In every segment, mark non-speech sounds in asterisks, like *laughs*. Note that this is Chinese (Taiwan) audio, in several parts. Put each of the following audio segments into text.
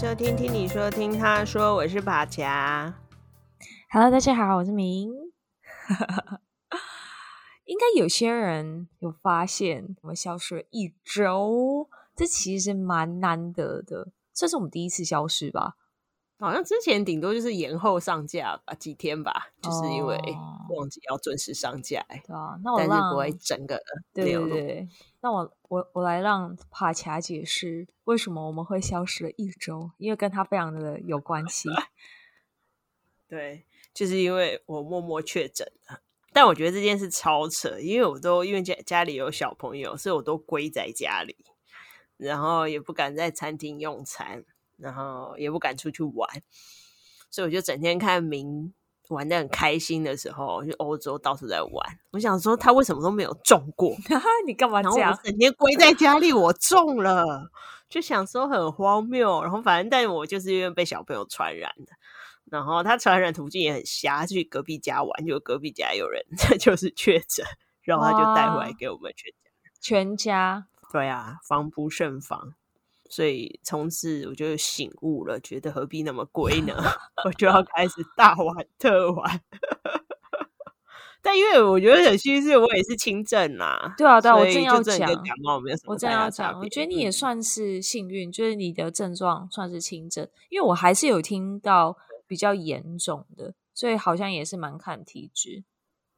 就聽聽你說，說聽他說，我是把夾。Hello，大家好，我是明。 *laughs* 應該有些人有發現我們消失了一周，這其實蠻難得的，這是我們第一次消失吧。好像之前頂多就是延後上架吧，幾天吧，就是因為忘記要準時上架，欸哦。對啊，那我讓不會，整個對對對。那我我我來讓帕恰解釋為什麼我們會消失了一周，因為跟他非常的有關係。對，就是因為我默默確診了，但我覺得這件事超扯，因為我都因為家家裡有小朋友，所以我都歸在家裡，然後也不敢在餐廳用餐，然後也不敢出去玩，所以我就整天看明玩得很開心的時候，就歐洲到處在玩。我想說他為什麼都沒有中過？ *laughs* 你幹嘛這樣？然後我整天歸在家裡，我中了， *laughs* 就想說很荒謬。然後反正但我就是因為被小朋友傳染的，然後他傳染途徑也很瞎，去隔壁家玩，就隔壁家有人，這就是確診，然後他就帶回來給我們全家。全家對啊，防不勝防。所以從此我就醒悟了，覺得何必那麼龜呢？ *laughs* 我就要開始大玩特玩。 *laughs* 但因為我覺得很幸運，我也是輕症吶、啊。對啊，對啊，真我正要講我，我正要講。我覺得你也算是幸運、嗯，就是你的症狀算是輕症，因為我還是有聽到比較嚴重的，所以好像也是蠻看體質。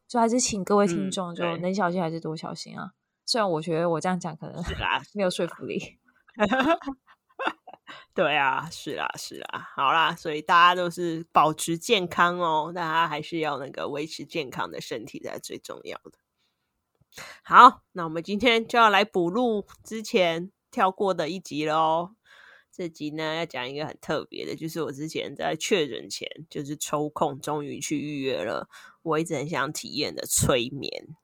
所以還是請各位聽眾就，就、嗯、能小心還是多小心啊。雖然我覺得我這樣講可能是、啊、 *laughs* 沒有說服力。 *laughs* 對啊，是啦，是啦，好啦，所以大家都是保持健康哦，大家還是要那個維持健康的身體才是最重要的。好，那我們今天就要來補錄之前跳過的一集嘍。這集呢，要講一個很特別的，就是我之前在確診前，就是抽空終於去預約了，我一直很想體驗的催眠。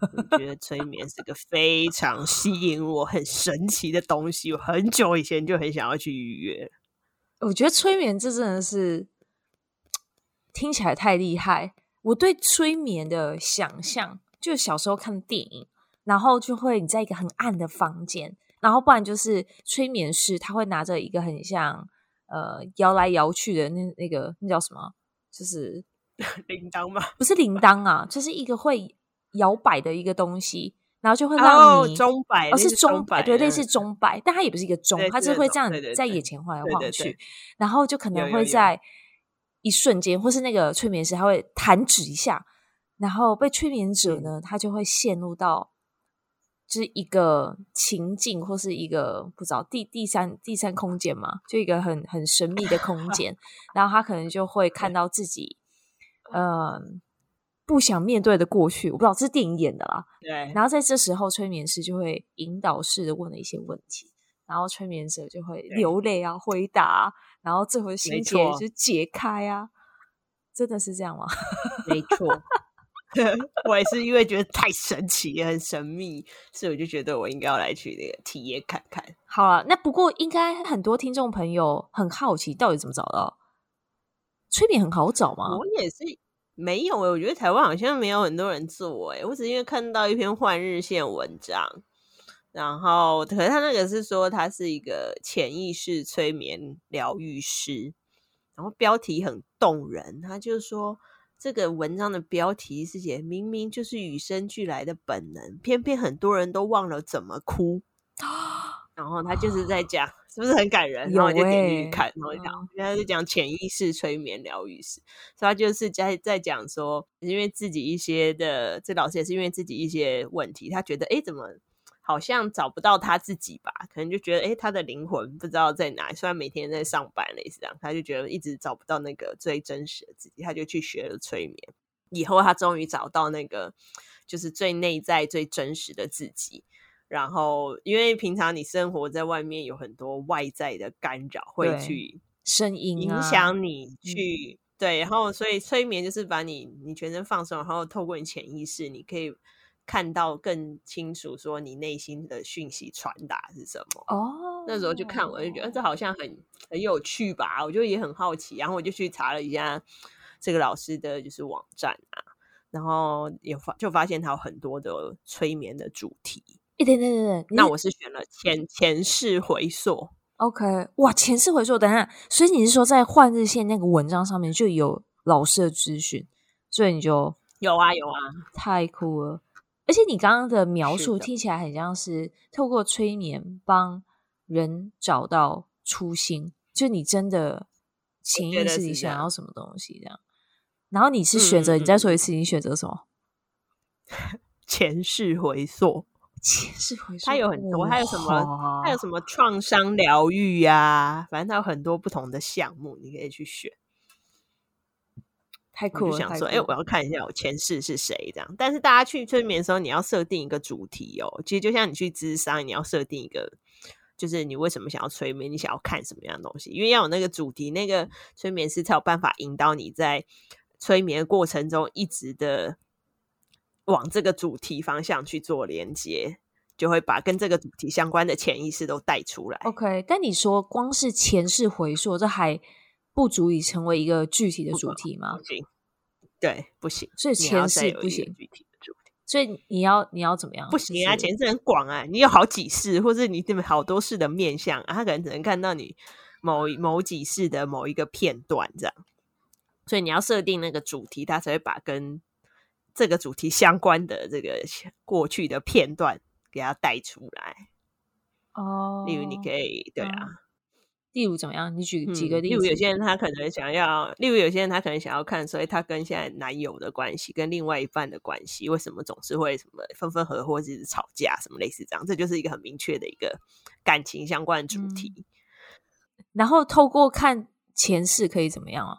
*laughs* 我覺得催眠是個非常吸引我、很神奇的東西。我很久以前就很想要去預約。我覺得催眠這真的是聽起來太厲害。我對催眠的想象就小時候看電影，然後就會你在一個很暗的房間，然後不然就是催眠師他會拿着一個很像、呃、搖來搖去的那那個那叫什麼？就是鈴鐺嗎？不是鈴鐺啊，就是一個會。搖擺的一個東西，然後就會讓你鐘擺。哦哦，是鐘擺，對，類似鐘擺，但它也不是一個鐘，它就會這樣在眼前晃來晃去。對對對對對對對，然後就可能會在一瞬間，或是那個催眠師他會彈指一下，然後被催眠者呢，他就會陷入到就是一個情境或是一個不知道第第三第三空間嘛，就一個很很神秘的空間， *laughs* 然後他可能就會看到自己，嗯。呃不想面對的過去，我不知道這是電影演的啦。對。然後在這時候，催眠師就會引導式的問了一些問題，然後催眠者就會流淚啊，回答，然後最後心結就解開啊。真的是這樣嗎？ *laughs* 沒錯。 *laughs* 我也是因為覺得太神奇、很神秘，所以我就覺得我應該要來去那個體驗看看。好了，那不過應該很多聽眾朋友很好奇，到底怎麼找到？催眠很好找嗎？我也是。沒有誒、欸，我覺得台灣好像沒有很多人做誒、欸，我只因為看到一篇換日線文章，然後可是他那個是說他是一個潛意識催眠療癒師，然後標題很動人，他就說這個文章的標題是寫，明明就是與生俱來的本能，偏偏很多人都忘了怎麼哭，然後他就是在講。啊是不是很感人？然後我就點進去看，欸、然後就講，現、嗯、在就講潛意識催眠療癒師，所以他就是在在講說，因為自己一些的，這個、老師也是因為自己一些問題，他覺得哎、欸，怎麼好像找不到他自己吧？可能就覺得哎、欸，他的靈魂不知道在哪，雖然每天在上班類似這樣，他就覺得一直找不到那個最真實的自己，他就去學了催眠，以後他終於找到那個就是最內在最真實的自己。然後，因為平常你生活在外面，有很多外在的干擾，會去聲音影響你去對、啊、對，然後所以催眠就是把你你全身放鬆，然後透過你潛意識，你可以看到更清楚說你內心的訊息傳達是什麼。哦，那時候就看我就覺得、哦啊、這好像很很有趣吧，我就也很好奇，然後我就去查了一下這個老師的，就是網站啊，然後也發就發現他有很多的催眠的主題。對對對對，那我是選了前前世回溯。OK，哇，前世回溯，等一下，所以你是說在《換日線》那個文章上面就有老師的資訊，所以你就有啊，有啊，太酷了！而且你剛剛的描述聽起來很像是，是透過催眠幫人找到初心，就你真的潛意識裡想要什麼東西這樣。然後你是選擇，嗯，你再說一次，你選擇什麼？前世回溯。前世回溯，他有很多，還有什麼，還有什麼創傷療癒啊？反正他有很多不同的項目，你可以去選。太酷了！就想說，哎、欸，我要看一下我前世是誰這樣。但是大家去催眠的時候，你要設定一個主題哦。其實就像你去諮商，你要設定一個，就是你為什麼想要催眠，你想要看什麼樣的東西，因為要有那個主題，那個催眠師才有辦法引導你在催眠的過程中一直的。往這個主題方向去做連接，就會把跟這個主題相關的潛意識都帶出來。OK，但你說光是前世回溯，這還不足以成為一個具體的主題嗎？不行。對，不行。所以前世不行。具體的主題。所以你要你要怎麼樣？不行是你啊，前世很廣啊，你有好幾世，或者你這麼好多世的面相，啊，他可能只能看到你某某幾世的某一個片段這樣。所以你要設定那個主題，他才會把跟。這個主題相關的這個過去的片段，給他帶出來哦。Oh, 例如，你可以對啊，啊，例如怎麼樣？你舉幾個例子？嗯、例如，有些人他可能想要，例如有些人他可能想要看，所以他跟現在男友的關係，跟另外一半的關係，為什麼總是會什麼分分合合，或者是吵架，什麼類似這樣？這就是一個很明確的一個感情相關的主題。嗯、然後，透過看前世，可以怎麼樣啊？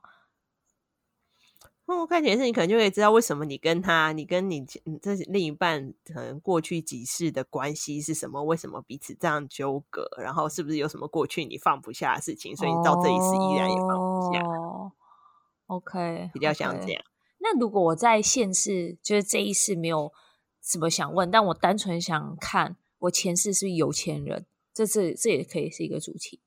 我看前世，是你可能就會知道為什麼你跟他，你跟你這另一半可能過去幾世的關係是什麼？為什麼彼此這樣糾葛？然後是不是有什麼過去你放不下的事情，所以你到這一世依然也放不下。oh, okay。OK，比較想這樣。那如果我在現世就是這一世沒有什麼想問，但我單純想看我前世是不是有錢人，這這這也可以是一個主題。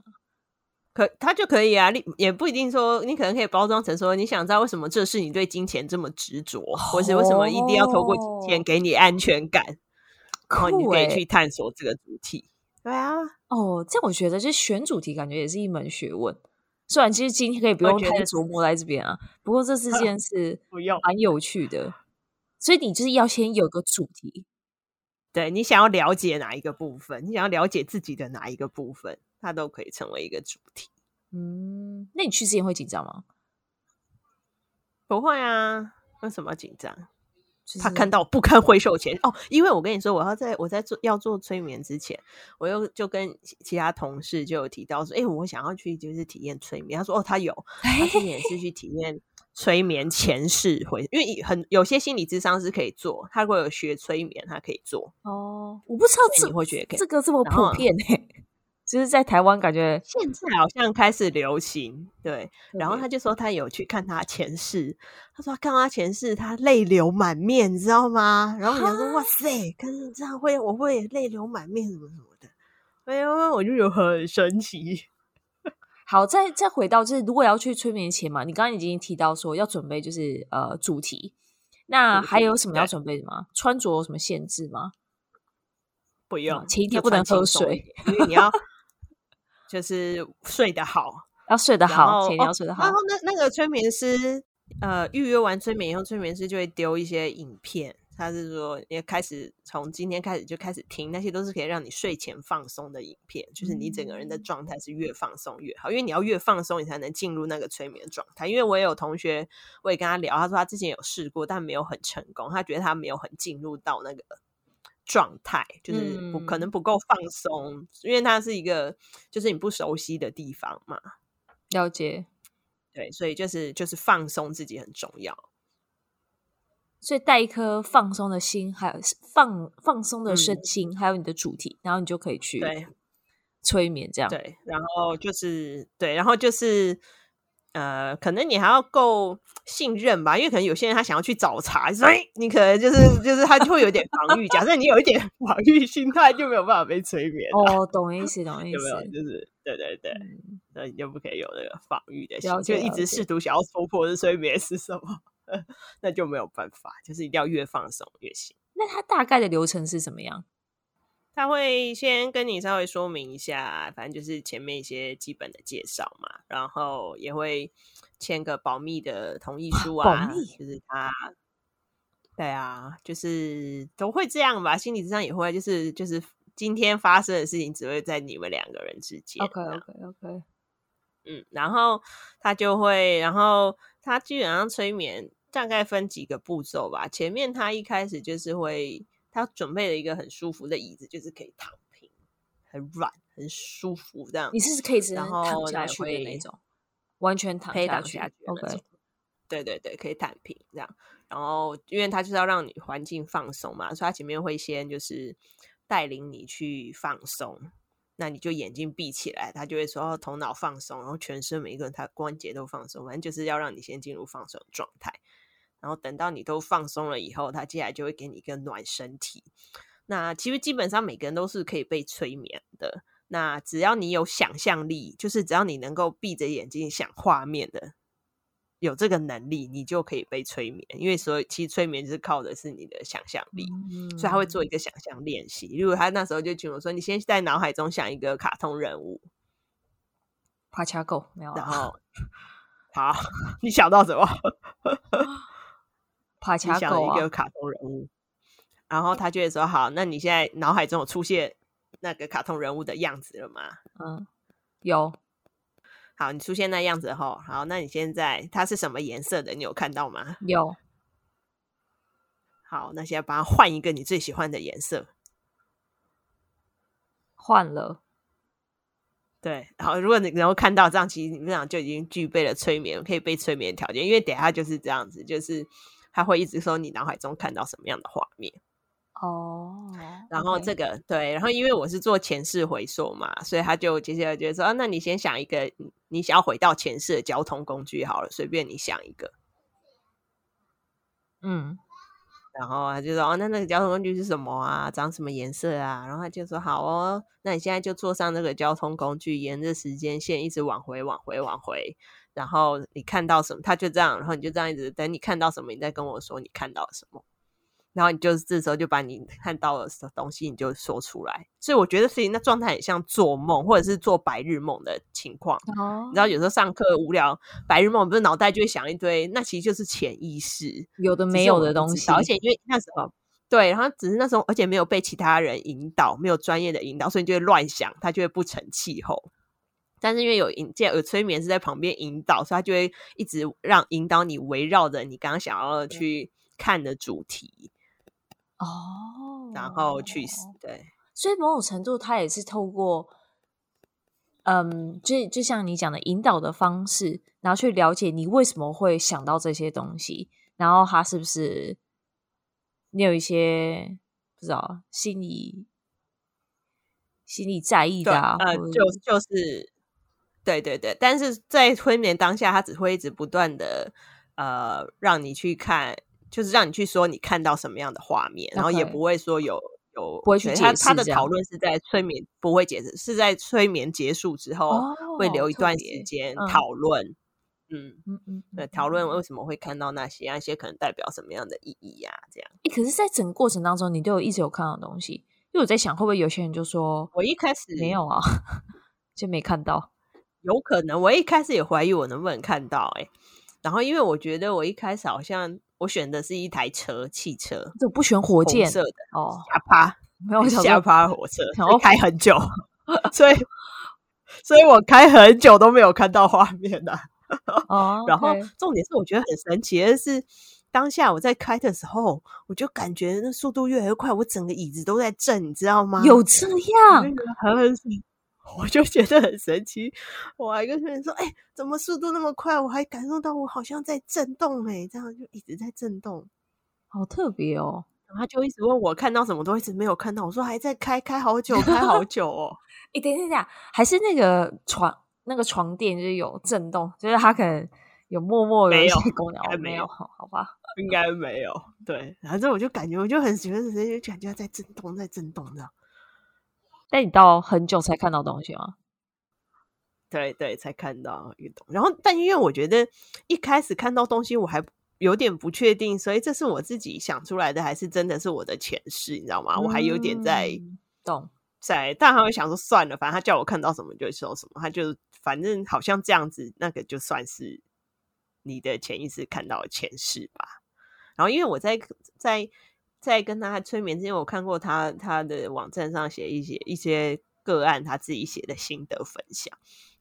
可他就可以啊，你也不一定說，你可能可以包裝成說，你想知道為什麼這是你對金錢這麼執着，哦，或是為什麼一定要透過金錢給你安全感，欸、然後你可以去探索這個主題。對啊，哦，這樣我覺得就是、選主題感覺也是一門學問。雖然其實今天可以不用太琢磨在這邊啊，不過這四件是蠻有趣的。所以你就是要先有個主題，對你想要了解哪一個部分，你想要了解自己的哪一個部分。他都可以成為一個主題，嗯，那你去之前會緊張嗎？不會啊，為什麼要緊張，就是？他看到不堪回首前哦，因為我跟你說，我要在我在做要做催眠之前，我又就跟其他同事就有提到說，哎、欸，我想要去就是體驗催眠。他說，哦，他有，欸、他自己也是去體驗催眠前世回，因為很有些心理智商是可以做，他如果有學催眠，他可以做。哦，我不知道自己會覺得這個這麼普遍、欸就是在台灣，感覺現在好像開始流行對。對，然後他就說他有去看他前世，他說他看他前世，他淚流滿面，你知道嗎？然後我想說，哇塞，可是這樣會我會淚流滿面什麼什麼的。哎喲，我就有很神奇。好，再再回到就是，如果要去催眠前嘛，你剛剛已經提到說要準備就是呃主題，那還有什麼要準備的嗎？穿着有什麼限制嗎？不用，前一天不能喝水，因為你要。 *laughs* 就是睡得好，要睡得好，前要睡得好。哦、然後那那個催眠師，呃，預約完催眠以後，催眠師就會丟一些影片。他是說，也開始從今天開始就開始聽那些，都是可以讓你睡前放鬆的影片。就是你整個人的狀態是越放鬆越好，嗯、因為你要越放鬆，你才能進入那個催眠狀態。因為我有同學，我也跟他聊，他說他之前有試過，但沒有很成功。他覺得他沒有很進入到那個。狀態就是不，嗯、可能不夠放鬆，因為它是一個就是你不熟悉的地方嘛。了解，對，所以就是就是放鬆自己很重要。所以帶一顆放鬆的心，還有放放鬆的身心，嗯，還有你的主題，然後你就可以去催眠這樣。對，然後就是，對，然後就是。呃，可能你還要夠信任吧，因為可能有些人他想要去找茬，所以你可能就是就是他就會有點防禦。 *laughs* 假設你有一點防禦心態，就沒有辦法被催眠啊。哦，懂意思，懂意思。有沒有就是對對對，嗯。那你就不可以有那個防禦的心，就一直試圖想要突破這催眠是什麼， *laughs* 那就沒有辦法，就是一定要越放鬆越行。那他大概的流程是怎麼樣？他會先跟你稍微說明一下，反正就是前面一些基本的介紹嘛，然後也會簽個保密的同意書啊，保密就是他，對啊，就是都會這樣吧，心理上也會，就是就是今天發生的事情，只會在你們兩個人之間。OK OK OK，嗯，然後他就會，然後他基本上催眠大概分幾個步驟吧，前面他一開始就是會。他準備了一個很舒服的椅子，就是可以躺平，很軟，很舒服這樣。你是，是可以直接躺下去的那種，完全躺下，可以躺下去的那種，okay。那種。對對對，可以躺平這樣。然後，因為他就是要讓你環境放鬆嘛，所以他前面會先就是帶領你去放鬆。那你就眼睛閉起來，他就會說頭腦放鬆，然後全身每一個人他關節都放鬆，反正就是要讓你先進入放鬆狀態。然後等到你都放鬆了以後，他接下來就會給你一個暖身體。那其實基本上每個人都是可以被催眠的。那只要你有想象力，就是只要你能夠閉着眼睛想畫面的，有這個能力，你就可以被催眠。因為所以其實催眠就是靠的是你的想象力，嗯嗯、所以他會做一個想象練習。如果他那時候就請我說，你先在腦海中想一個卡通人物，帕恰狗沒有、啊？然後好，你想到什麼？ *laughs* 你、啊、想了一個卡通人物，然後他就會說：“好，那你現在腦海中有出現那個卡通人物的樣子了嗎？”“嗯，有。”“好，你出現那樣子後，好，那你現在它是什麼顏色的？你有看到嗎？”“有。”“好，那現在把它換一個你最喜歡的顏色。”“換了。”“對，好，如果你能夠看到這樣，其實你們倆就已經具備了催眠可以被催眠的條件，因為等一下就是這樣子，就是。”他會一直說，你腦海中看到什麼樣的畫面哦，oh, okay. 然後這個對，然後因為我是做前世回溯嘛，所以他就接下來就說、啊、那你先想一個你想要回到前世的交通工具好了，隨便你想一個，嗯，然後他就說哦，那那個交通工具是什麼啊？長什麼顏色啊？然後他就說好哦，那你現在就坐上那個交通工具，沿着時間線一直往回往回往回。然後你看到什麼，他就這樣，然後你就這樣一直等你看到什麼，你再跟我說你看到了什麼。然後你就是這時候就把你看到的東西，你就說出來。所以我覺得所以那狀態很像做夢，或者是做白日夢的情況。哦。然後有時候上課無聊，白日夢你不是腦袋就會想一堆，那其實就是潛意識有的沒有的東西。而且因為那時候對，然後只是那時候，而且沒有被其他人引導，沒有專業的引導，所以你就會亂想，它就會不成氣候。但是因為有引，而催眠是在旁邊引導，所以他就會一直讓引導你圍繞着你剛剛想要去看的主題哦，然後去死，對，所以某種程度他也是透過，嗯，就就像你講的引導的方式，然後去了解你為什麼會想到這些東西，然後他是不是，你有一些，不知道，心裡心裡在意的啊？呃、就就是。對對對，但是在催眠當下，他只會一直不斷的，呃，讓你去看，就是讓你去說你看到什麼樣的畫面，okay. 然後也不會說有有，不會去解釋他，他的討論是在催眠，不會解釋，是在催眠結束之後，oh, 會留一段時間討論。哦，嗯嗯嗯，對，討論為什麼會看到那些那些，可能代表什麼樣的意義呀，啊，這樣。欸，可是，在整個過程當中，你都有一直有看到的東西，因為我在想，會不會有些人就說，我一開始沒有啊，就沒看到。有可能，我一開始也懷疑我能不能看到哎、欸。然後，因為我覺得我一開始好像我選的是一台車，汽車，怎不選火箭的？哦，下趴沒有下趴火車，然後開很久， *laughs* 所以所以我開很久都沒有看到畫面的、啊。 *laughs* 哦， *laughs* 然後重點是我覺得很神奇的是當下我在開的時候，我就感覺那速度越來越快，我整個椅子都在震，你知道嗎？有這樣？很很。很神奇我就覺得很神奇，我還跟客人說：“哎、欸，怎麼速度那麼快？我還感受到我好像在震動哎、欸，這樣就一直在震動，好特別哦。嗯”然後他就一直問我看到什麼，都一直沒有看到。我說還在開，開好久，開好久哦。哎、 *laughs* 欸，等一下，還是那個床，那個床墊就有震動，就是他可能有默默的沒有，沒有，沒有好，好吧？應該沒有。對，然後這我就感覺，我就很喜歡，直接就感覺在震動，在震動這樣。那你到很久才看到東西嗎？對對，才看到運動。然後，但因為我覺得一開始看到東西，我還有點不確定，所以這是我自己想出來的，還是真的是我的前世？你知道嗎？嗯，我還有點在動，在，但他會想說算了，反正他叫我看到什麼就說什麼，他就反正好像這樣子，那個就算是你的潛意識看到的前世吧。然後，因為我在在。在跟他催眠之前，我看過他他的網站上寫一些一些個案，他自己寫的心得分享，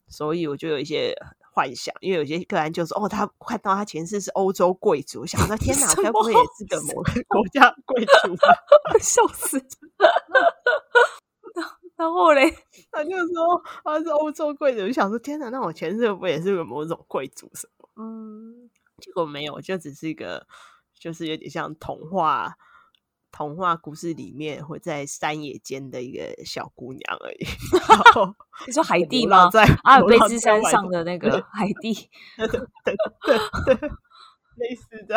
所以我就有一些幻想。因為有些個案就是說，哦，他看到他前世是歐洲貴族，我想說天哪，我該不會也是個某個國家貴族吧？笑，笑死了 *laughs* 然！然後嘞，他就說他是歐洲貴族，我想說天哪，那我前世不也是個某種貴族什麼？嗯，結果沒有，就只是一個，就是有點像童話。童話故事裡面，活在山野間的一個小姑娘而已。你說海蒂嗎？在阿爾卑斯山上的那個海蒂， *laughs* *laughs* 類似的，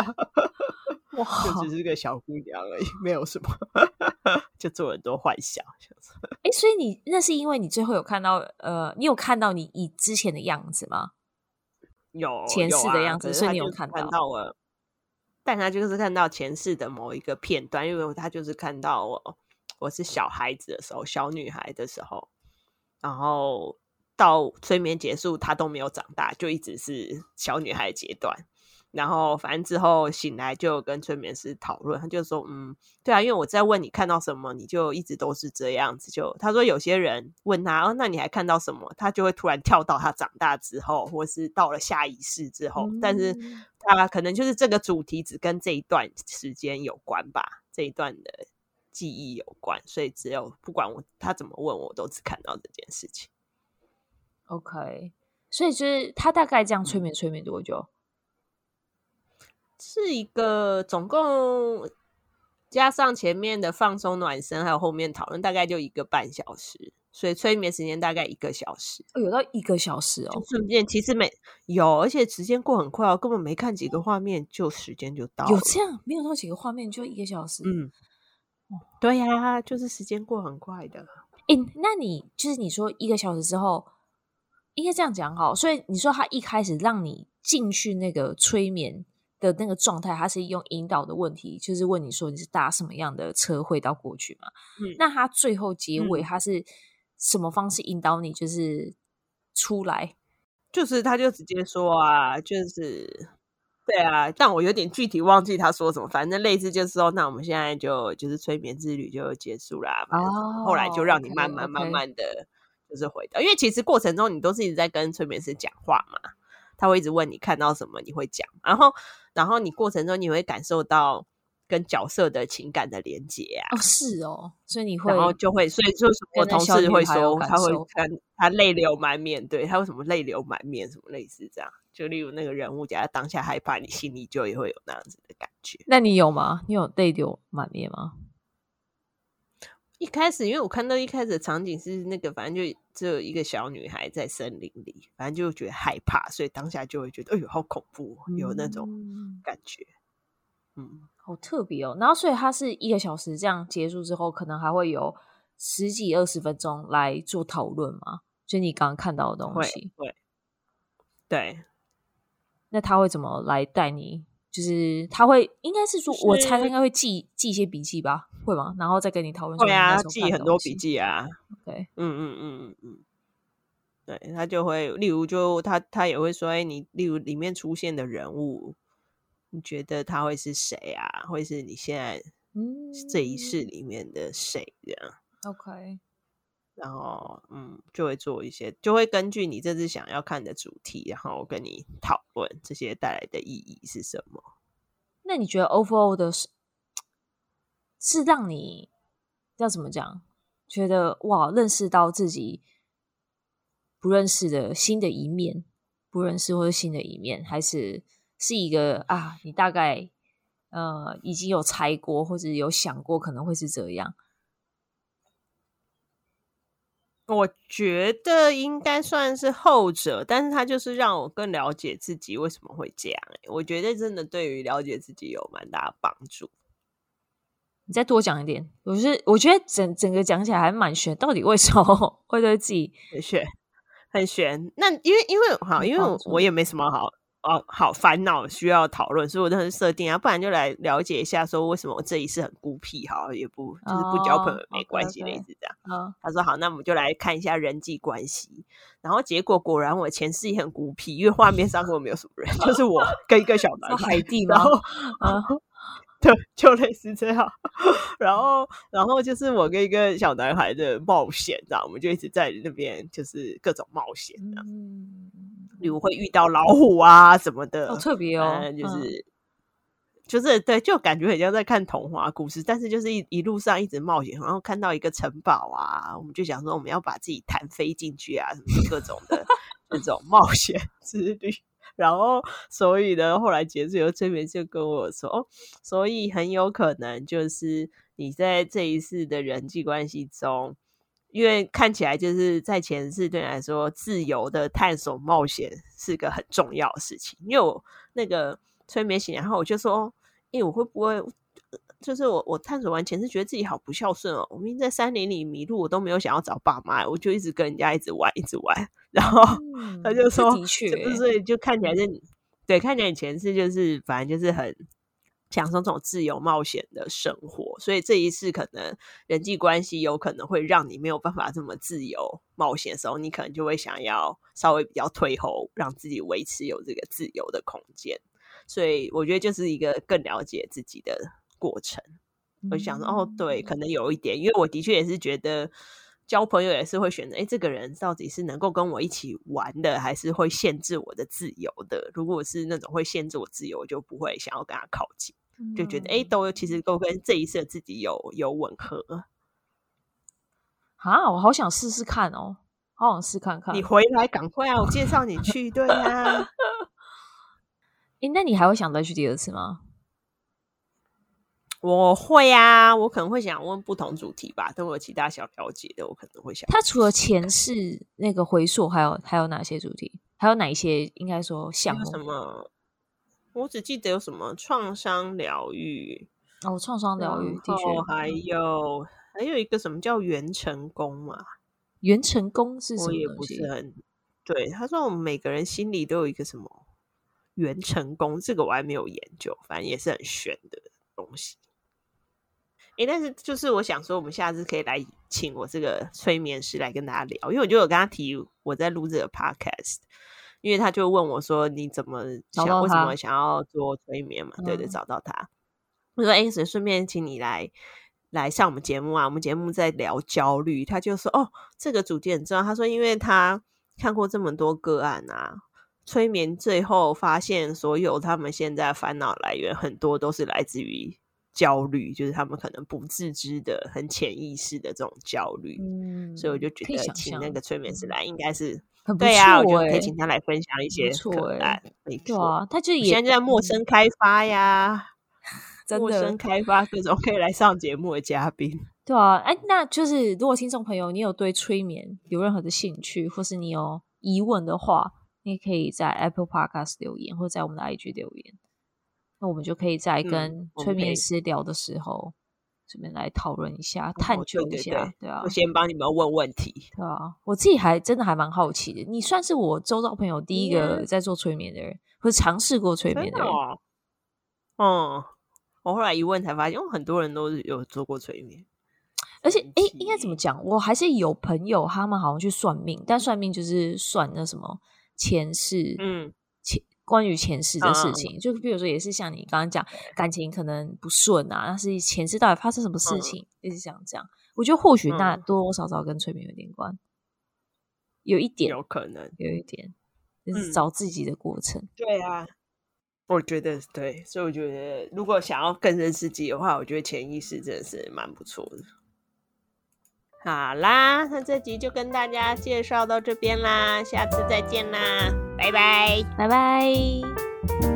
哇， *laughs* *laughs* 就只是一個小姑娘而已，沒有什麼， *laughs* 就做很多幻想。欸、所以你那是因為你最後有看到，呃，你有看到你以之前的樣子嗎？有前世的樣子，啊，所以你有看到但他就是看到前世的某一個片段，因為他就是看到我，我是小孩子的時候，小女孩的時候，然後到催眠結束，他都沒有長大，就一直是小女孩的階段。然後，反正之後醒來就跟催眠師討論，他就說：“嗯，對啊，因為我在問你看到什麼，你就一直都是這樣子。就”就他說有些人問他：“哦，那你還看到什麼？”他就會突然跳到他長大之後，或是到了下一世之後。嗯。但是他可能就是這個主題只跟這一段時間有關吧，這一段的記憶有關，所以只有不管他怎麼問我，我都只看到這件事情。OK，所以就是他大概這樣催眠，催眠多久？嗯是一個總共加上前面的放鬆暖身，還有後面討論，大概就一個半小時。所以催眠時間大概一個小時，有、哎、到一個小時哦，瞬間其實沒有，而且時間過很快哦，根本沒看幾個畫面，就時間就到了。有這樣，沒有到幾個畫面就一個小時，嗯，對呀、啊，就是時間過很快的。哎、嗯欸，那你就是你說一個小時之後，應該這樣講好，所以你說他一開始讓你進去那個催眠的那個狀態，他是用引導的問題，就是問你說你是搭什麼樣的車回到過去嘛、嗯？那他最後結尾，他是什麼方式引導你就是出來？就是他就直接說啊，就是對啊，但我有點具體忘記他說什麼，反正類似就是說，那我們現在就就是催眠之旅就結束啦，啊 oh。後來就讓你慢慢 okay, okay. 慢慢的就是回到，因為其實過程中你都是一直在跟催眠師講話嘛。他會一直問你看到什麼，你會講，然後，然後你過程中你會感受到跟角色的情感的連結啊。哦，是哦，所以你會，然後就會，所以就是我同事會說，他會看他淚流滿面，對，他為什麼淚流滿面，什麼類似這樣，就例如那個人物，假如當下害怕，你心裡就也會有那樣子的感覺。那你有嗎？你有淚流滿面嗎？一開始，因為我看到一開始的場景是那個，反正就只有一個小女孩在森林裡，反正就覺得害怕，所以當下就會覺得哎呦好恐怖哦，有那種感覺，嗯，嗯，好特別哦。然後所以它是一個小時這樣結束之後，可能還會有十幾二十分鐘來做討論嘛？所以你剛剛看到的東西，對，對，那他會怎麼來帶你？就是他會應該是說，我猜他應該會記記一些筆記吧。會嗎？然後再跟你討論。對啊，記很多筆記啊。對、okay. 嗯，嗯嗯嗯嗯嗯，對他就會，例如就他他也會說，哎、你例如裡面出現的人物，你覺得他會是誰啊？會是你現在、嗯、這一世裡面的誰這樣？OK。然後，嗯，就會做一些，就會根據你這次想要看的主題，然後跟你討論這些帶來的意義是什麼。那你覺得 Overall 的是讓你要怎麼講？覺得哇，認識到自己不認識的新的一面，不認識或者新的一面，還是是一個啊？你大概呃已經有猜過，或者有想過可能會是這樣？我覺得應該算是後者，但是他就是讓我更了解自己為什麼會這樣、欸。我覺得真的對於了解自己有蠻大的幫助。你再多講一點，我、就是我覺得整整個講起來還蠻玄，到底為什麼呵呵會對自己很玄？很玄？那因為因為哈，因為我也沒什麼好哦,哦好煩惱需要討論，所以我就很設定啊，不然就來了解一下，說為什麼我這一次很孤僻？哈，也不就是不交朋友沒關係那一次的。哦這樣 okay, okay, uh, 他說好，那我們就來看一下人際關係。然後結果果然我前世也很孤僻，因為畫面上根本沒有什麼人、啊，就是我跟一個小男孩。啊 *laughs* 對，就類似這樣。 *laughs* 然後，然後就是我跟一個小男孩的冒險，啊，這樣我們就一直在那邊，就是各種冒險，啊，嗯，例如會遇到老虎啊什麼的，好、哦、特別哦。嗯、就是，嗯、就是對，就感覺很像在看童話故事，但是就是一一路上一直冒險，然後看到一個城堡啊，我們就想說我們要把自己彈飛進去啊，什麼各種的 *laughs* 這種冒險之旅。然後，所以呢，後來結束以後，催眠師就跟我說：“哦，所以很有可能就是你在這一世的人際關係中，因為看起來就是在前世對你來說，自由的探索冒險是個很重要的事情。”因為我那個催眠醒來後，我就說：“哎、欸，我會不會就是我我探索完前世，覺得自己好不孝順哦？我明明在山林裡迷路，我都沒有想要找爸媽，我就一直跟人家一直玩，一直玩。”然後他就說：“嗯、的確，這不是就看起來是，嗯、對，看起來你前世就是，反正就是很享受這種自由冒險的生活。所以這一次可能人際關係有可能會讓你沒有辦法這麼自由冒險的時候，你可能就會想要稍微比較退後，讓自己維持有這個自由的空間。所以我覺得就是一個更了解自己的過程。嗯、我想說，哦，對，可能有一點，因為我的確也是覺得。”交朋友也是會選擇，哎，這個人到底是能夠跟我一起玩的，還是會限制我的自由的？如果是那種會限制我自由，我就不會想要跟他靠近，就覺得哎，都其實都跟這一次自己有有吻合。啊，我好想試試看哦，好想試看看。你回來趕快啊！我介紹你去， *laughs* 對呀，啊。哎，那你還會想再去第二次嗎？我會啊，我可能會想問不同主題吧。如我有其他想了解的，我可能會想。他除了前世那個回溯，還有還有哪些主題？還有哪一些應該說想什麼？我只記得有什麼創傷療癒哦，創傷療癒。哦，的確還有還有一個什麼叫元成功嘛？元成功是什麼東西？我也不是很，對，他說我們每個人心裡都有一個什麼元成功，這個我還沒有研究，反正也是很玄的東西。哎，但是就是我想說，我們下次可以來請我這個催眠師來跟大家聊，因為我就有跟他提我在錄這個 podcast。因為他就問我說，你怎麼想，為什麼想要做催眠嘛？嗯、對對，找到他，我說誒所、欸、順便請你來來上我們節目啊，我們節目在聊焦慮，他就說哦，這個主題很重要。他說因為他看過這麼多個案啊，催眠最後發現，所有他們現在煩惱來源很多都是來自於。焦慮就是他們可能不自知的、很潛意識的這種焦慮，嗯、所以我就覺得請那個催眠師來應該是很不錯、欸對啊。我覺得可以請他來分享一些錯哎、欸，對啊，他就也現在就在陌生開發呀，陌生開發各種可以來上節目的嘉賓。 *laughs* 對啊，哎、啊，那就是如果聽眾朋友你有對催眠有任何的興趣，或是你有疑問的話，你可以在 Apple Podcast 留言，或者在我們的 IG 留言。我們就可以在跟催眠師聊的時候，嗯 okay、這邊來討論一下、哦、探究一下，對，對，對，對啊。我先幫你們問問題，對啊。我自己還真的還蠻好奇的，你算是我周遭朋友第一個在做催眠的人，yeah. 或者嘗試過催眠的人。啊。嗯，我後來一問才發現，因為很多人都有做過催眠。而且，哎、欸，應該怎麼講？我還是有朋友，他們好像去算命，但算命就是算那什麼前世，嗯。關於前世的事情，嗯、就比如說，也是像你剛剛講，感情可能不順啊，但是前世到底發生什麼事情，嗯、一直想這樣，我覺得或許那多多少少跟催眠有點關，嗯、有一點，有可能有一點，就是找自己的過程。嗯、對啊，我覺得對，所以我覺得如果想要更認識自己的話，我覺得潛意識真的是蠻不錯的。好啦，那這集就跟大家介紹到這邊啦，下次再見啦，拜拜，拜拜。